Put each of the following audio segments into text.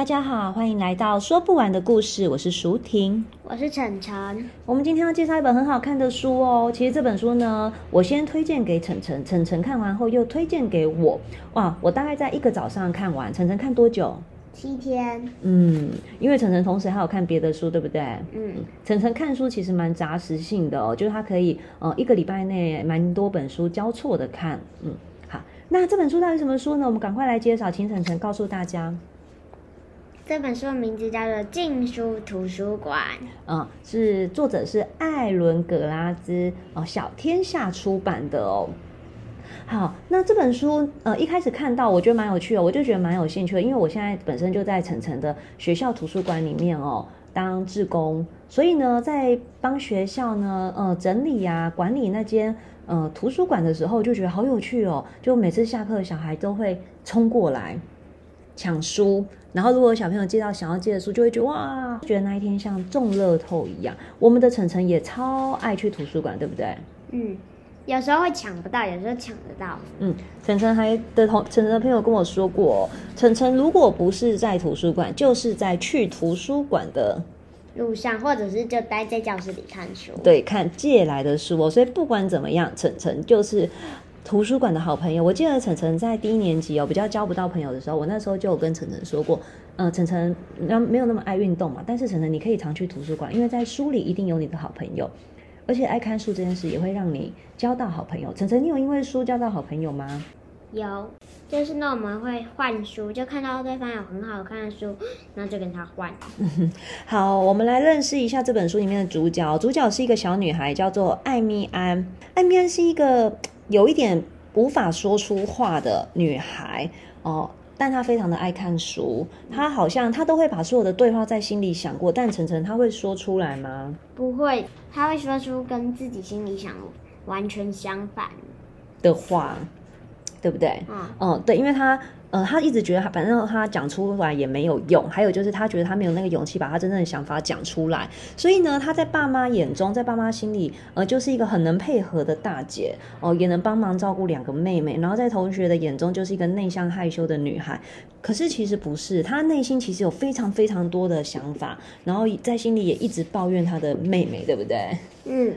大家好，歡迎來到說不完的故事。我是淑婷。我是澄澄。我們今天要介紹一本很好看的書哦。其實這本書呢，我先推薦給澄澄，澄澄看完後又推薦給我。哇，我大概在一個早上看完。澄澄看多久？七天。嗯，因為澄澄同時還有看別的書，對不對？嗯，澄澄看書其實蠻雜食性的哦，就是他可以呃一個禮拜內蠻多本書交錯的看。嗯，好，那這本書到底什麼書呢？我們趕快來介紹，請澄澄告訴大家。這本書名字叫做《禁書圖書館》，嗯，是作者是艾倫·格拉茲哦，小天下出版的哦。好，那這本書呃一開始看到我覺得蠻有趣的，哦，我就覺得蠻有興趣的，因為我現在本身就在澄澄的學校圖書館裡面哦當志工，所以呢在幫學校呢呃整理呀，啊、管理那間呃圖書館的時候就覺得好有趣哦，就每次下課小孩都會衝過來。搶書，然後如果小朋友借到想要借的書，就會覺得哇，覺得那一天像中樂透一樣。我們的澄澄也超愛去圖書館，對不對？嗯，有時候會搶不到，有時候搶得到。嗯，澄澄還的同澄澄的朋友跟我說過，澄澄如果不是在圖書館，就是在去圖書館的路上，或者是就待在教室裡看書。對，看借來的書哦，我所以不管怎麼樣，澄澄就是。圖書館的好朋友，我記得澄澄在第一年級有、哦、比較交不到朋友的時候，我那時候就有跟澄澄說過，嗯、呃，澄澄那、嗯、沒有那麼愛運動嘛，但是澄澄你可以常去圖書館，因為在書裡一定有你的好朋友，而且愛看書這件事也會讓你交到好朋友。澄澄，你有因為書交到好朋友嗎？有，就是那，我們會換書，就看到對方有很好看的書，那就跟他換。 好，我們來認識一下這本書裡面的主角，主角是一個小女孩，叫做艾米安。艾米安是一個。有一點無法說出話的女孩哦，但她非常的愛看書。她好像她都會把所有的對話在心裡想過，但澄澄她會說出來嗎？不會，她會說出跟自己心裡想完全相反的話，對不對？嗯，哦，對，因為她。呃，他一直覺得他反正他講出來也沒有用，還有就是他覺得他沒有那個勇氣把他真正的想法講出來，所以呢，他在爸媽眼中，在爸媽心裡，呃，就是一個很能配合的大姐哦，呃，也能幫忙照顧兩個妹妹，然後在同學的眼中就是一個內向害羞的女孩，可是其實不是，他內心其實有非常非常多的想法，然後在心裡也一直抱怨他的妹妹，對不對？嗯，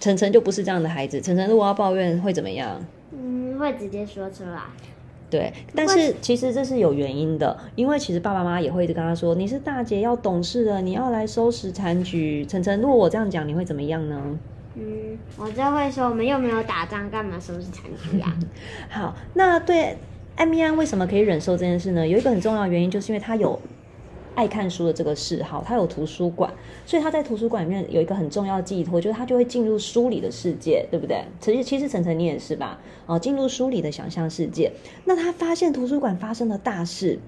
澄澄就不是這樣的孩子，澄澄如果要抱怨會怎麼樣？嗯，會直接說出來。對，但是其實這是有原因的，因為其實爸爸媽媽也會一直跟他說：“你是大姐，要懂事的，你要來收拾殘局。”澄澄，如果我這樣講，你會怎麼樣呢？嗯，我就會說：“我們又沒有打仗，幹嘛收拾殘局啊？” 好，那對，艾米安為什麼可以忍受這件事呢？有一個很重要的原因，就是因為他有。愛看書的這個嗜好，他有圖書館，所以他在圖書館裡面有一個很重要的寄託，就是他就會進入書裡的世界，對不對？澄澄，其實澄澄你也是吧？哦，進入書裡的想象世界。那他發現圖書館發生了大事，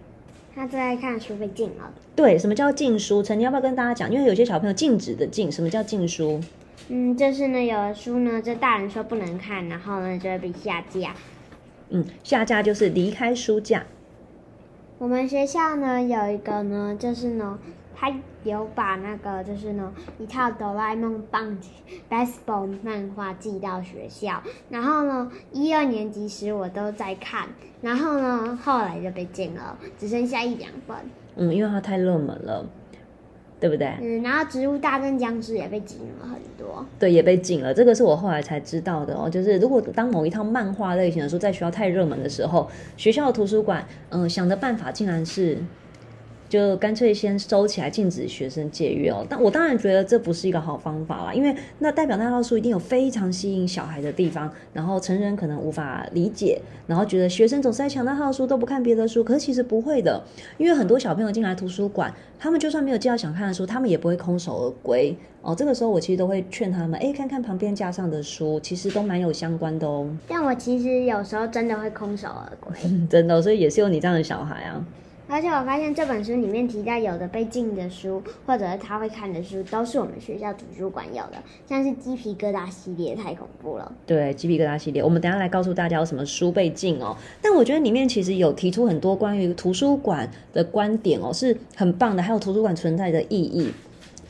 他最愛看書被禁了。對，什麼叫禁書？澄澄，要不要跟大家講？因為有些小朋友禁止的禁，什麼叫禁書？嗯，就是呢，有的書呢，這大人說不能看，然後呢就會被下架。嗯，下架就是離開書架。我們學校呢有一個呢，就是呢，他有把那個就是呢一套哆啦 A 夢棒球 baseball 漫畫寄到學校，然後呢一二年級時我都在看，然後呢後來就被禁了，只剩下一兩本。嗯，因為它太熱門了。對不對？嗯，然後《植物大戰殭屍》也被禁了很多，對，也被禁了。這個是我後來才知道的哦。就是如果當某一套漫畫類型的時候，在學校太熱門的時候，學校的圖書館，嗯、呃，想的辦法竟然是。就乾脆先收起來，禁止學生借閱哦。但我當然覺得這不是一個好方法啦，因為那代表那套書一定有非常吸引小孩的地方，然後成人可能無法理解，然後覺得學生總是在搶那套書，都不看別的書。可是其實不會的，因為很多小朋友進來圖書館，他們就算沒有借到想看的書，他們也不會空手而歸哦。這個時候我其實都會勸他們，哎，看看旁邊架上的書，其實都蠻有相關的哦。但我其實有時候真的會空手而歸， 真的哦，所以也是有你這樣的小孩啊。而且我發現這本書裡面提到有的被禁的書，或者他會看的書，都是我們學校圖書館有的，像是《雞皮疙瘩》系列，太恐怖了。對，《雞皮疙瘩》系列，我們等一下來告訴大家有什麼書被禁哦。但我覺得裡面其實有提出很多關於圖書館的觀點哦，是很棒的，還有圖書館存在的意義。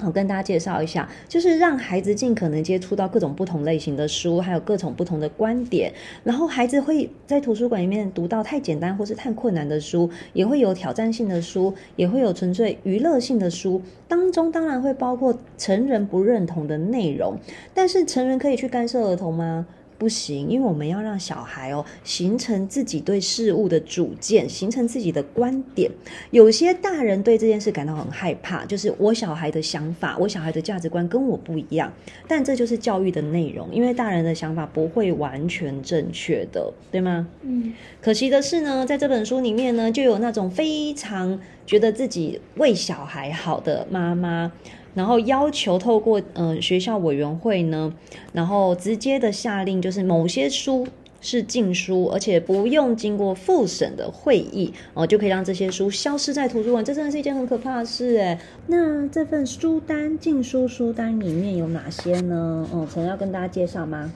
我跟大家介紹一下，就是讓孩子盡可能接觸到各種不同類型的書，還有各種不同的觀點。然後，孩子會在圖書館裡面讀到太簡單或是太困難的書，也會有挑戰性的書，也會有純粹娛樂性的書。當中當然會包括成人不認同的內容，但是成人可以去干涉兒童嗎？不行，因為我們要讓小孩哦形成自己對事物的主見，形成自己的觀點。有些大人對這件事感到很害怕，就是我小孩的想法，我小孩的價值觀跟我不一樣，但這就是教育的內容，因為大人的想法不會完全正確的，對嗎？嗯。可惜的是呢，在這本書裡面呢，就有那種非常覺得自己為小孩好的媽媽。然後要求透過嗯、呃、學校委員會呢，然後直接的下令，就是某些書是禁書，而且不用經過複審的會議哦、呃，就可以讓這些書消失在圖書館。這真的是一件很可怕的事耶。那這份書單、禁書書單裡面有哪些呢？嗯、哦，澄要跟大家介紹嗎？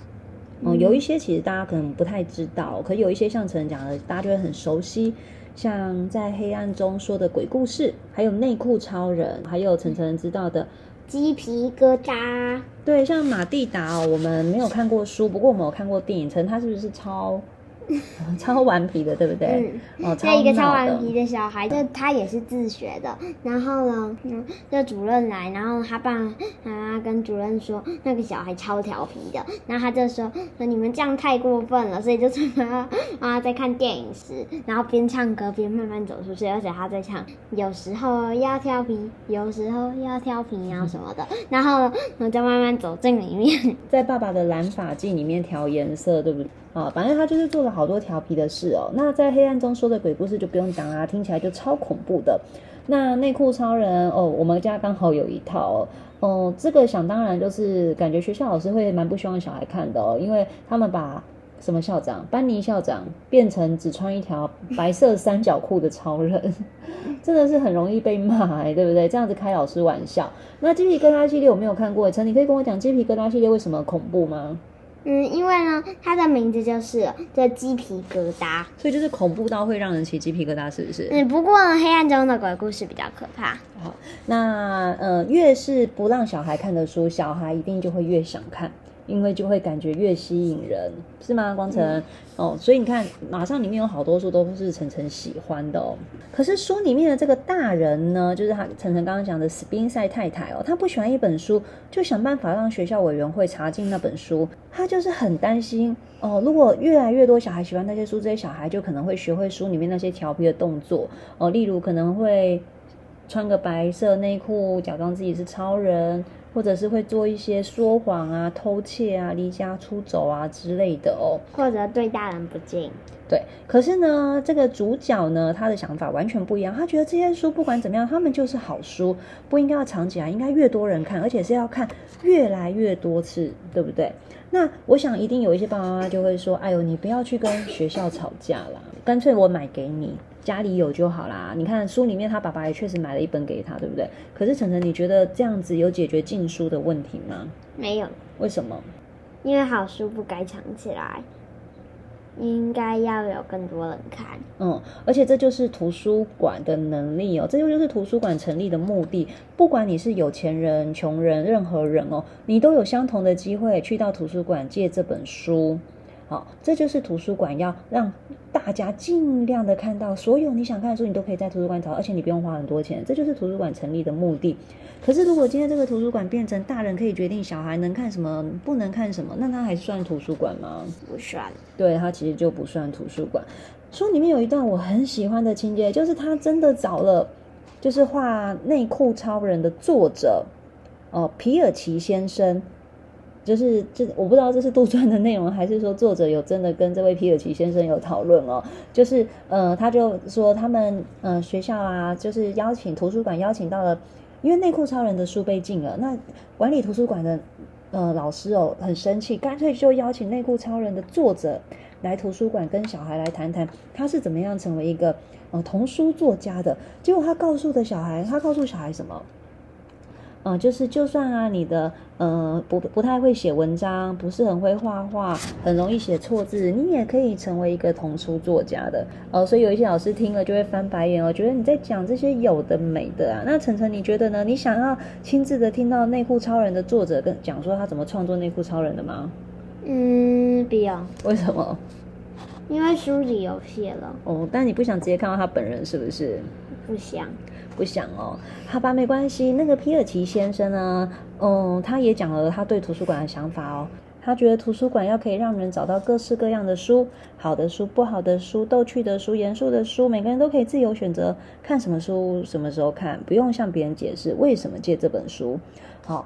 嗯、哦，有一些其實大家可能不太知道，可有一些像澄講的，大家就會很熟悉。像在黑暗中說的鬼故事，還有內褲超人，還有晨晨知道的嗯、雞皮疙瘩。對，像馬蒂達，我們沒有看過書，不過我們有看過電影。晨晨他是不是超？ 超頑皮的，對不對？嗯。哦，超頑皮的。一個超頑皮的小孩，就他也是自學的。然後呢，就主任來，然後他爸、媽媽跟主任說，那個小孩超調皮的。然後他就說，說你們這樣太過分了，所以就說他啊，啊，在看電影時，然後邊唱歌邊慢慢走出去，而且他在唱，有時候要調皮，有時候要調皮啊什麼的。嗯、然後呢，我就慢慢走進裡面，在爸爸的染髮劑裡面調顏色，對不對？啊，反正他就是做了好多調皮的事哦。那在黑暗中說的鬼故事就不用講啦、啊，聽起來就超恐怖的。那內褲超人哦，我們家剛好有一套哦、嗯。這個想當然就是感覺學校老師會蠻不希望小孩看的、哦，因為他們把什麼校長班尼校長變成只穿一條白色三角褲的超人，真的是很容易被罵、哎，對不對？這樣子開老師玩笑。那雞皮疙瘩系列我沒有看過，澄，你可以跟我講雞皮疙瘩系列為什麼恐怖嗎？嗯，因為呢，它的名字就是叫雞皮疙瘩，所以就是恐怖到會讓人起雞皮疙瘩，是不是？嗯，不過黑暗中的鬼故事比較可怕。好，那呃、嗯，越是不讓小孩看的書，小孩一定就會越想看。因為就會感覺越吸引人，是嗎？光晨、嗯，哦，所以你看，馬上裡面有好多書都是澄澄喜歡的哦。可是書裡面的這個大人呢，就是他澄澄剛剛講的斯賓塞太太哦，他不喜歡一本書，就想辦法讓學校委員會查禁那本書。他就是很擔心哦，如果越來越多小孩喜歡那些書，這些小孩就可能會學會書裡面那些調皮的動作哦，例如可能會穿個白色內褲，假裝自己是超人。或者是會做一些說謊啊、偷竊啊、離家出走啊之類的哦，或者對大人不敬。對，可是呢，這個主角呢，他的想法完全不一樣。他覺得這些書不管怎麼樣，他們就是好書，不應該要藏起來，應該越多人看，而且是要看越來越多次，對不對？那我想一定有一些爸爸媽媽就會說：“哎呦，你不要去跟學校吵架啦。”乾脆我買給你，家裡有就好啦。你看書裡面，他爸爸也確實買了一本給他，對不對？可是澄澄，你覺得這樣子有解決禁書的問題嗎？沒有。為什麼？因為好書不該藏起來，應該要有更多人看。嗯，而且這就是圖書館的能力喔，這就就是圖書館成立的目的。不管你是有錢人、窮人、任何人喔，你都有相同的機會去到圖書館借這本書。好、哦，這就是圖書館要讓大家盡量的看到所有你想看的書，你都可以在圖書館找，而且你不用花很多錢。這就是圖書館成立的目的。可是，如果今天這個圖書館變成大人可以決定小孩能看什麼、不能看什麼，那它還算圖書館嗎？不算。對，它其實就不算圖書館。書裡面有一段我很喜歡的情節，就是他真的找了，就是畫內褲超人的作者，哦，皮爾奇先生。就是這，我不知道這是杜撰的內容，還是說作者有真的跟這位皮爾奇先生有討論哦。就是呃，他就說他們呃學校啊，就是邀請圖書館邀請到了，因為《內褲超人》的書被禁了，那管理圖書館的呃老師哦很生氣，乾脆就邀請《內褲超人》的作者來圖書館跟小孩來談談他是怎麼樣成為一個呃童書作家的。結果他告訴的小孩，他告訴小孩什麼？嗯，就是就算啊，你的呃不不太會寫文章，不是很會畫畫，很容易寫錯字，你也可以成為一個童書作家的哦、呃。所以有一些老師聽了就會翻白眼哦、喔，覺得你在講這些有的沒的啊。那澄澄你覺得呢？你想要親自的聽到《內褲超人》的作者跟講說他怎麼創作《內褲超人》的嗎？嗯，不要。為什麼？因為書裡有寫了哦，但你不想直接看到他本人是不是？不想。不想哦，好吧，沒關係。那個皮爾奇先生呢？嗯，他也講了他對圖書館的想法哦。他覺得圖書館要可以讓人找到各式各樣的書，好的書、不好的書、逗趣的書、嚴肅的書，每個人都可以自由選擇看什麼書，什麼時候看，不用向別人解釋為什麼借這本書。好、哦，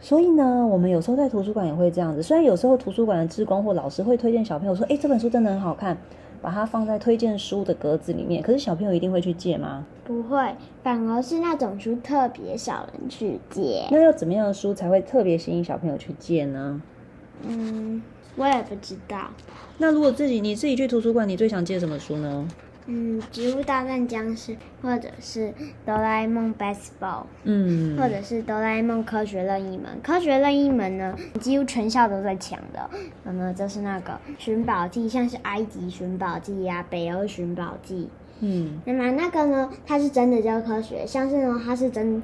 所以呢，我們有時候在圖書館也會這樣子。雖然有時候圖書館的志工或老師會推薦小朋友說：“哎、欸，這本書真的很好看。”把它放在推薦書的格子裡面，可是小朋友一定會去借嗎？不會，反而是那種書特別少人去借。那要怎麼樣的書才會特別吸引小朋友去借呢？嗯，我也不知道。那如果自己，你自己去圖書館，你最想借什麼書呢？嗯，植物大戰殭屍，或者是哆啦 A 夢 Basketball，嗯，或者是哆啦 A 夢科學任意門。科學任意門呢，幾乎全校都在搶的。那麼就是那個尋寶記，像是埃及尋寶記呀、啊、北歐尋寶記。嗯，那麼那個呢，它是真的教科學，像是呢，它是真，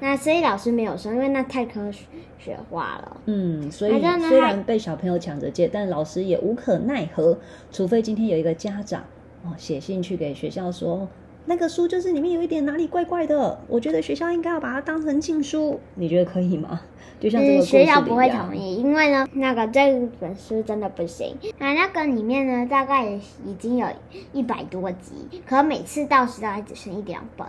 那所以老師沒有說，因為那太科學化了。嗯，所以呢雖然被小朋友搶着借，但老師也無可奈何，除非今天有一個家長。哦，寫信去給學校說，那個書就是裡面有一點哪裡怪怪的，我覺得學校應該要把它當成禁書，你覺得可以嗎？就像是、嗯、學校不會同意，因為呢，那個這本書真的不行。那、啊、那個裡面呢，大概已經有一百多集，可每次到時大概只剩一兩本。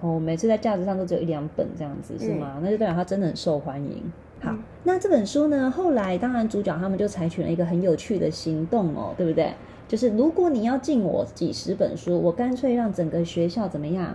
哦，每次在架子上都只有一兩本這樣子、嗯、是嗎？那就代表它真的很受歡迎。好、嗯，那這本書呢，後來當然主角他們就採取了一個很有趣的行動哦，對不對？就是如果你要禁我幾十本書，我乾脆讓整個學校怎麼樣？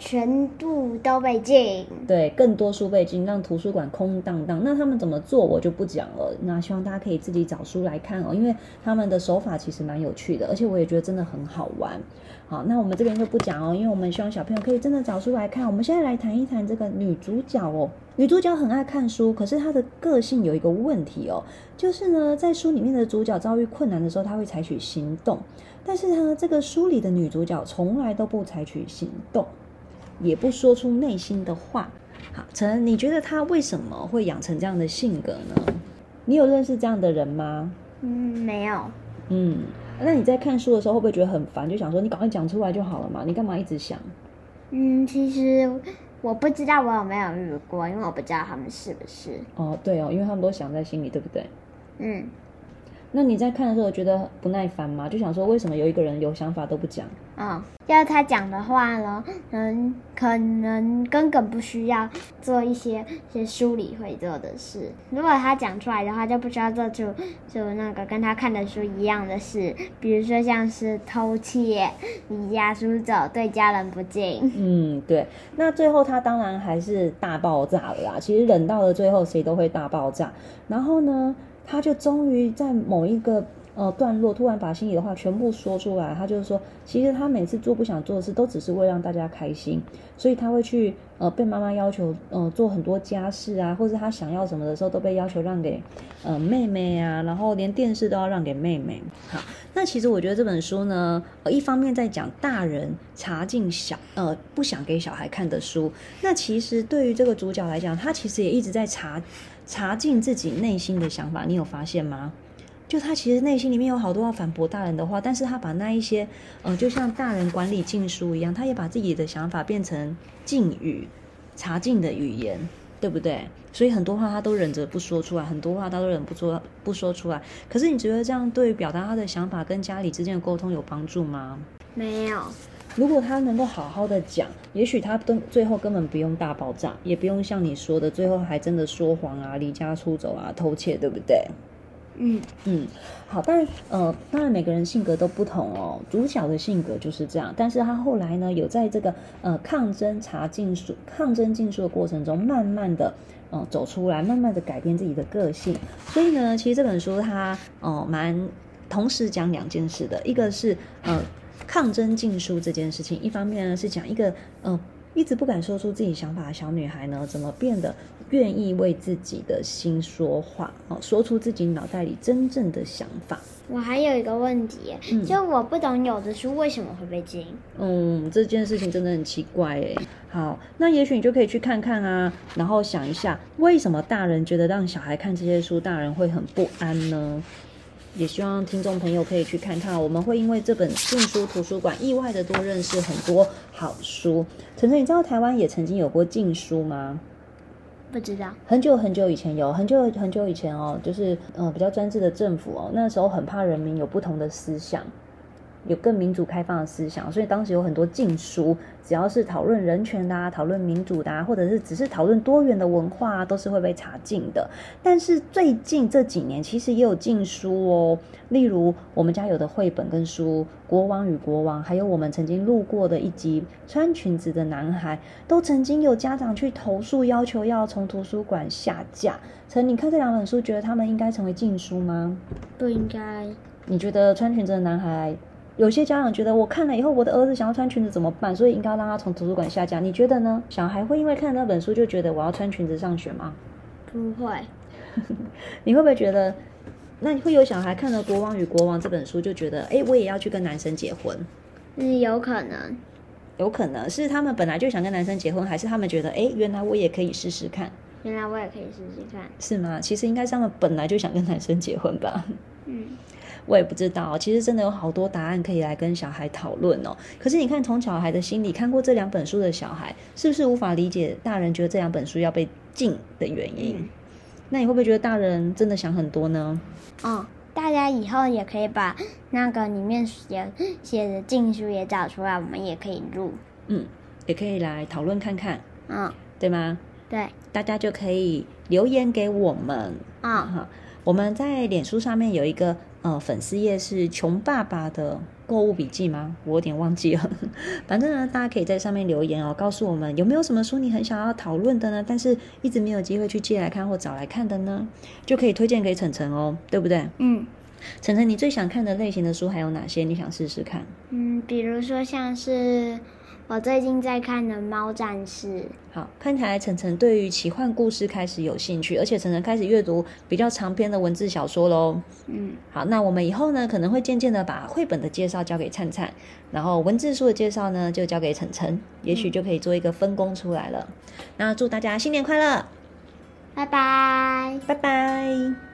全部都被禁，對，更多書被禁，讓圖書館空蕩蕩。那他們怎麼做，我就不講了。那希望大家可以自己找書來看哦，因為他們的手法其實蠻有趣的，而且我也覺得真的很好玩。好，那我們這邊就不講哦，因為我們希望小朋友可以真的找書來看。我們現在來談一談這個女主角哦。女主角很愛看書，可是她的個性有一個問題哦，就是呢，在書裡面的主角遭遇困難的時候，她會採取行動，但是呢，這個書裡的女主角從來都不採取行動。也不說出內心的話。好，澄，你覺得他為什麼會養成這樣的性格呢？你有認識這樣的人嗎？嗯，沒有。嗯，那你在看書的時候會不會覺得很煩，就想說你趕快講出來就好了嘛，你幹嘛一直想？嗯，其實我不知道我有沒有遇過，因為我不知道他們是不是。哦，對哦，因為他們都想在心裡，對不對？嗯。那你在看的時候覺得不耐煩嗎？就想說為什麼有一個人有想法都不講？嗯、哦，要他講的話呢，嗯，可能根本不需要做一些一些書裡會做的事。如果他講出來的話，就不需要做出就那個跟他看的書一樣的事，比如說像是偷竊、離家出走、對家人不敬。嗯，對。那最後他當然還是大爆炸了啦。其實忍到了最後，誰都會大爆炸。然後呢？他就終於在某一個。呃，段落突然把心裡的話全部說出來，他就是說，其實他每次做不想做的事，都只是為了讓大家開心，所以他會去呃被媽媽要求呃做很多家事啊，或者他想要什麼的時候，都被要求讓給呃妹妹啊，然後連電視都要讓給妹妹。好，那其實我覺得這本書呢，一方面在講大人查禁小呃不想給小孩看的書，那其實對於這個主角來講，他其實也一直在查查禁自己內心的想法，你有發現嗎？就他其實內心裡面有好多要反駁大人的話，但是他把那一些，嗯、呃，就像大人管理禁書一樣，他也把自己的想法變成禁語、查禁的語言，對不對？所以很多話他都忍着不說出來，很多話他都忍不說不說出來。可是你覺得這樣對於表達他的想法跟家裡之間的溝通有幫助嗎？沒有。如果他能夠好好的講，也許他都最後根本不用大爆炸，也不用像你說的最後還真的說謊啊、離家出走啊、偷竊，對不對？嗯嗯，好，但呃，當然每個人性格都不同哦。主角的性格就是這樣，但是他後來呢，有在這個呃抗爭查禁書、抗爭禁書的過程中，慢慢的呃走出來，慢慢的改變自己的個性。所以呢，其實這本書它哦、呃、蠻同時講兩件事的，一個是呃抗爭禁書這件事情，一方面呢是講一個呃。一直不敢說出自己想法的小女孩呢，怎麼變得願意為自己的心說話，說出自己腦袋裡真正的想法。我還有一個問題，嗯，就我不懂，有的書為什麼會被禁？嗯，這件事情真的很奇怪，好，那也許你就可以去看看啊，然後想一下，為什麼大人覺得讓小孩看這些書，大人會很不安呢？也希望聽眾朋友可以去看看，我們會因為這本禁書圖書館，意外的多認識很多好書。晨晨，你知道台灣也曾經有過禁書嗎？不知道。很久很久以前有，很久很久以前哦，就是嗯比較專制的政府哦，那時候很怕人民有不同的思想，有更民主開放的思想，所以當時有很多禁書，只要是討論人權的、啊、討論民主的、啊，或者是只是討論多元的文化、啊，都是會被查禁的。但是最近這幾年其實也有禁書哦，例如我們家有的繪本跟書《國王與國王》，還有我們曾經路過的一集《穿裙子的男孩》，都曾經有家長去投訴，要求要從圖書館下架。澄，你看這兩本書，覺得他們應該成為禁書嗎？不應該。你覺得《穿裙子的男孩》？有些家長覺得我看了以後，我的兒子想要穿裙子怎麼辦？所以應該要讓他從圖書館下架。你覺得呢？小孩會因為看那本書就覺得我要穿裙子上學嗎？不會。 你會不會覺得，那你會有小孩看了《國王與國王》這本書就覺得，哎，我也要去跟男生結婚？嗯，有可能。有可能是他們本來就想跟男生結婚，還是他們覺得，哎，原來我也可以試試看？原來我也可以試試看，是嗎？其實應該是他們本來就想跟男生結婚吧？嗯。我也不知道，其實真的有好多答案可以來跟小孩討論哦。可是你看，從小孩的心裡看過這兩本書的小孩，是不是無法理解大人覺得這兩本書要被禁的原因？嗯、那你會不會覺得大人真的想很多呢？哦，大家以後也可以把那個裡面寫寫的禁書也找出來，我們也可以錄，嗯，也可以來討論看看，嗯、哦，對嗎？對，大家就可以留言給我們，啊、哦、哈、嗯，我們在臉書上面有一個。呃，粉絲頁是窮爸爸的購物筆記嗎？我有點忘記了。反正呢，大家可以在上面留言哦，告訴我們有沒有什麼書你很想要討論的呢？但是一直沒有機會去借來看或找來看的呢，就可以推薦給澄澄哦，對不對？嗯，澄澄，你最想看的類型的書還有哪些？你想試試看？嗯，比如說像是。我最近在看的《貓戰士》，好，看起來晨晨對於奇幻故事開始有興趣，而且晨晨開始閱讀比較長篇的文字小說嘍。嗯，好，那我們以後呢，可能會漸漸的把繪本的介紹交給燦燦，然後文字書的介紹呢，就交給晨晨，也許就可以做一個分工出來了。嗯，那祝大家新年快樂，拜拜，拜拜。